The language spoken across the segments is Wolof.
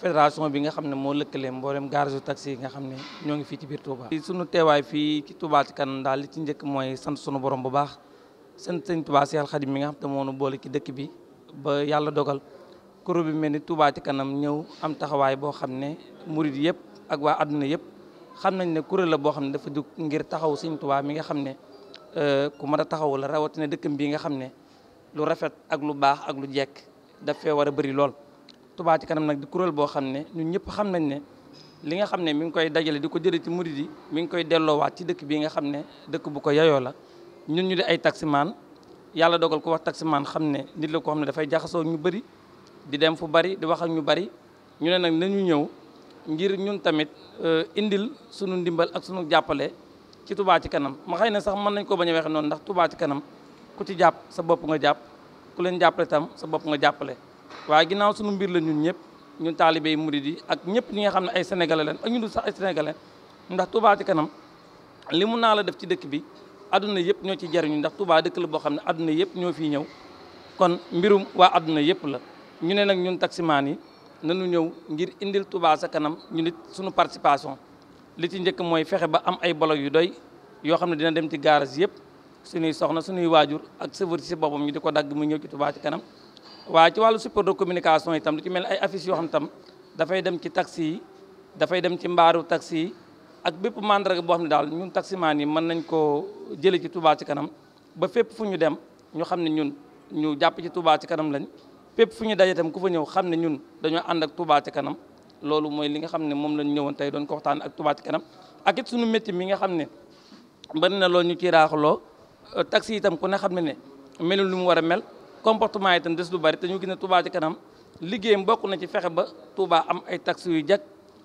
fédération bi nga xam ne moo lëkkale mboolem garage taxi yi nga xam ne ñoo ngi fii ci biir Touba. sunu teewaay fii ci Touba daal li ci njëkk mooy sant sunu borom bu baax sant sëñ Touba Cheikh mi nga xam te moo nu boole ci dëkk bi ba yàlla dogal kuréel bi mel ni Touba kanam ñëw am taxawaay boo xam ne murid yëpp ak waa adduna yëpp xam nañ ne kuréel la boo xam ne dafa jóg ngir taxaw sëñ Touba mi nga xam ne euh, ku mën a taxaw rawatina dëkkam bii nga xam ne lu rafet ak lu baax ak lu jekk daf war a bëri lool. Touba ci kanam nag di kuréel boo xam ne ñun ñëpp xam nañ ne li nga xam ne mi ngi koy dajale di ko jëlee ci murid yi mi ngi koy delloowaat ci dëkk bii nga xam ne dëkk bu ko yayoo la ñun ñu de ay taximaan yàlla dogal ko wax taximaan xam ne nit la ko xam ne dafay jaxasoo ñu bëri di dem fu bari di wax ak ñu bari ñu ne nag nañu ñëw ngir ñun tamit euh, indil sunu ndimbal ak sunu jàppale ci Touba ci kanam ma xëy na sax mën nañ ko bañ a waxee noonu ndax Touba ci kanam ku ci jàpp sa bopp nga jàpp ku leen jàppale tam sa bopp nga jàppale waaye ginnaaw sunu mbir la ñun ñëpp ñun taalibe mu murid di ak ñëpp ñi nga xam ne ay sénégalais ak ñu dul sax ay sénégalais ndax Touba ci kanam li mu naa la def ci dëkk bi adduna yëpp ñoo ci jariñu ndax Touba dëkk la boo xam ne adduna yëpp ñoo fi ñëw kon mbirum waa adduna yëpp la ñu ne nag ñun taximaan yi nanu ñëw ngir indil Touba sa kanam ñu nit suñu participation li ci njëkk mooy fexe ba am ay bolog yu doy yoo xam ne dina dem ci garage yëpp suñuy soxna suñuy waajur ak chauffeur si boppam ñu di ko dagg mu ñëw ci ci kanam wa ci walu support de communication itam lu ci mel ay affiche yo xam tam fay dem ci taxi da fay dem ci mbaru taxi ak bépp mandrag bo xamni dal daal ñun taximaan yi mën nañ ko jël ci Touba ci kanam ba fépp fuñu dem ñu xamni ñun ñu japp ci Touba ci kanam lañ fépp fuñu dajé tam ku fa ñew xamni ñun dañu and ak Touba ci kanam lolu moy li nga xamni mom lañ ñewon tay doon ko waxtaan ak Touba ci kanam ak it suñu métier mi nga xamni ban na lo ñu ciy raaxaloo taxi itam ku ne xamni ne melul lu mu wara mel comportement itam des lu bari te ñu gis ne Touba ci kanam liggéey mbokk na ci fexe ba Touba am ay taxi yu jag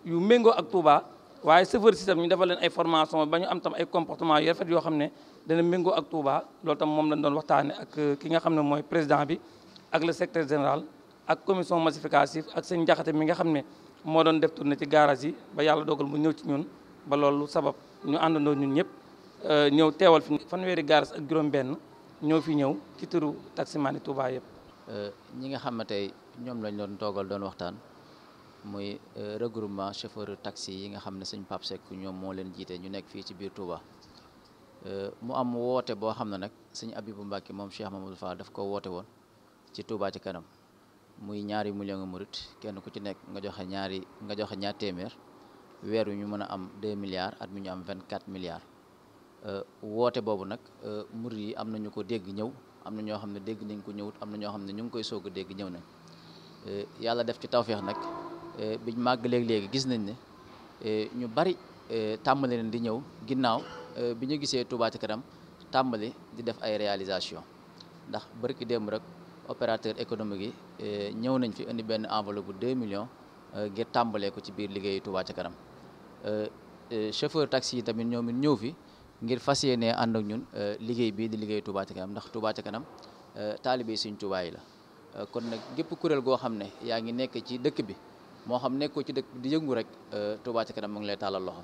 yu méngoo ak Touba waaye chauffeur si tam ñu defal leen ay formation ba ñu am tam ay comportement yu rafet yoo xam ne dana méngoo ak Touba loolu tam moom lañ doon waxtaane ak euh, ki nga xam ne mooy président bi ak le secrétaire général ak commission massificative ak seen njaxate mi nga xam ne moo doon def tournée ci garage yi ba yàlla dogal mu ñëw ci ñun ba loolu sabab ñu àndandoo ñun ñëpp euh, ñëw teewal fi fanweeri garage ak juróom benn ñoo fi ñëw ci turu taximaani Touba yëpp. Euh, ñi nga xam ne tey ñoom lañ doon toogal doon waxtaan muy euh, regroupement chauffeur taxi yi nga xam ne sëñ Pape Seck ñoom moo leen jiite ñu nekk fii ci biir Touba. Euh, mu am woote boo xam ne nag sëñ Abibou Mbacke moom Cheikh Mamadou Fall daf ko woote woon ci Touba ci kanam muy ñaari million nga murit kenn ku ci nekk nga joxe ñaari nga joxe ñaar téeméer weer wi ñu mën a am 2 milliards at mi ñu am 24 milliards. Euh, woote boobu nag euh, murid yi am na ñu ko dégg ñëw am na ñoo xam ne dégg nañ ko ñëwut am na ñoo xam ne ñu ngi koy soog a dégg ñëw nañ euh, yàlla def ci tawféex nag biñ màgg léegi-léegi gis nañ ne ñu bari tàmbali leen di ñëw ginnaaw bi ñu gisee Touba Ca Kanam tàmbali di def ay réalisation ndax bërki démb rek opérateur économique yi ñëw nañ fi indi benn enveloppe bu 2 millions ngir tàmbalee ko ci biir liggéeyu Touba Ca Kanam chauffeur taxi yi tamit ñoom ñëw fi ngir fas yéene ànd ak ñun euh, liggéey bii di liggéey Touba ca kanam ndax Touba kanam euh, taalibe Sëriñ Touba la euh, kon nag gépp kuréel goo xam ne yaa ngi nekk ci dëkk bi moo xam nekkoo ci dëkk di yëngu rek Touba kanam mu ngi tàllal loxo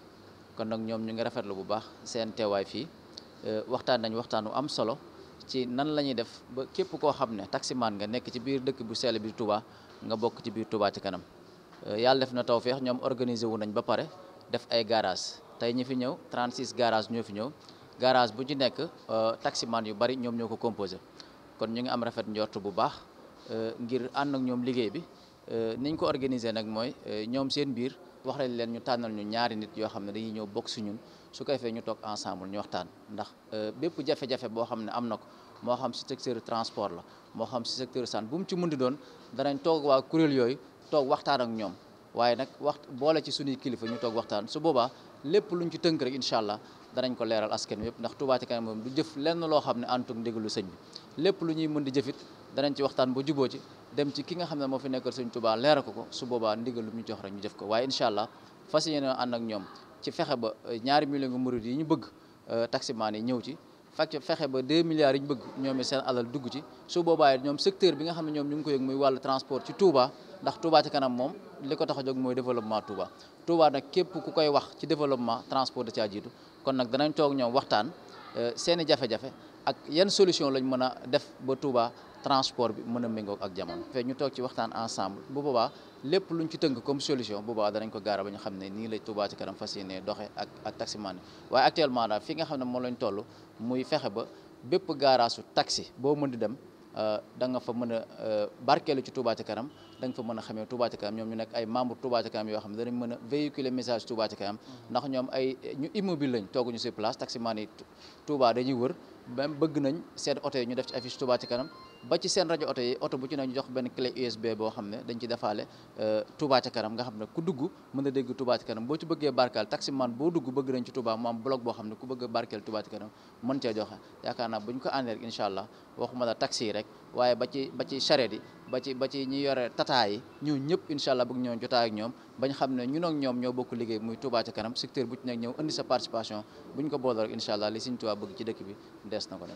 kon nag ñoom ñu ngi rafetlu bu baax seen teewaay fii waxtaan nañ waxtaan wu am solo ci nan la ñuy def ba képp koo xam ne taximaan nga nekk ci biir dëkk bu sell bi Touba nga bokk ci biir Touba ca kanam yàlla def na taw feex ñoom organiser wu nañ ba pare def ay garage tey ñi fi ñëw 36 garage ñoo fi ñëw garage bu ci nekk euh, taximan yu bari ñoom ñoo ko composé kon ñu ngi am rafet njort bu baax euh, ngir ànd ak ñoom liggéey bi euh, niñ ko organiser nag mooy ñoom seen biir wax nañ leen ñu tànnal ñu ñaari nit yoo xam ne dañuy ñëw bokk su ñun su ko defee ñu toog ensemble ñu waxtaan ndax bépp jafe-jafe boo xam ne am na ko moo xam si secteur transport la moo xam si secteur santé bu mu ci mën di doon danañ toog waa kuréel yooyu toog waxtaan ak ñoom waaye nag wax kilifa ñu toog waxtaan su boobaa lépp lu ñu ci tënk rek incha allah danañ ko leeral askan wi yëpp ndax Touba Ca Kanam moom du jëf lenn loo xam ne antuk ndigalu sëñ bi lépp lu ñuy mën di jëfit danañ ci waxtaan ba juboo ci dem ci ki nga xam ne moo fi nekkal suñ Touba leeral ko ko su boobaa ndigal lu ñu jox rek ñu jëf ko waaye incha allah fas yéene ànd ak ñoom ci fexe ba euh, ñaari millions murid yi ñu bëgg euh, taximaan yi ñëw ci fekk fexe ba 2 milliards bëgg ñoom seen alal dugg ci su boobaa ñoom secteur bi nga xam ne ñoom ñu ngi ko yëg muy wàll transport ci Touba ndax Touba Ca Kanam moom li ko tax a jóg mooy développement Touba Touba nag képp ku koy wax ci développement transport da caa jiitu kon nag danañ toog ñoom waxtaan euh, seeni i jafe-jafe ak yan solution lañu mën a def ba Touba transport bi mën a méngoog ak jamono. fee ñu toog ci waxtaan ensemble bu boobaa lépp lu luñ ci tënk comme solution bu boobaa danañ ko gaara ba ñu xam ne nii lay Touba ci kanam fas yéenee doxe ak ak taximan yi waaye actuellement daal fi nga xam ne moom lañu toll muy fexe ba bépp gaaraasu taxi boo mën di dem. Euh, da nga fa mën a euh, barkeelu ci Touba Kanam da nga fa mën a xamee Touba Ca Kanam ñoom ñu nekk ay membre Touba Ca Kanam yoo xam ne danañ mën a véhiculer message Touba Ca Kanam ndax ñoom ay ñu immobile lañ tooguñu sur place taximaan yi Touba dañuy wër même bëgg nañ seen oto yi ñu def ci affiche Touba Ca Kanam ba ci seen rajo oto yi oto bu ci ne ñu jox benn clé USB boo xam ne dañ ci defaale euh, Touba ca kanam nga xam ne ku dugg mën na dégg Touba ca kanam boo ci bëggee barkeel taximan boo dugg bëgg nañ ci Touba mu am blog boo xam ne ku bëgg barkeel Touba ca kanam mën cee joxe yaakaar naa bu ñu ko àndee rek incha allah waxuma la taxi yi rek waaye ba ci ba ci charrette yi ba ci ba ci ñi yore tataa yi ñoo ñëpp incha allah bëgg ñoo jotaay ak ñoom bañ xam ne ñun ak ñoom ñoo bokk liggéey muy Touba ca kanam secteur bu ci nekk ñëw indi sa participation bu ñu ko boole rek incha allah li bëgg ci dëkk bi dees na ko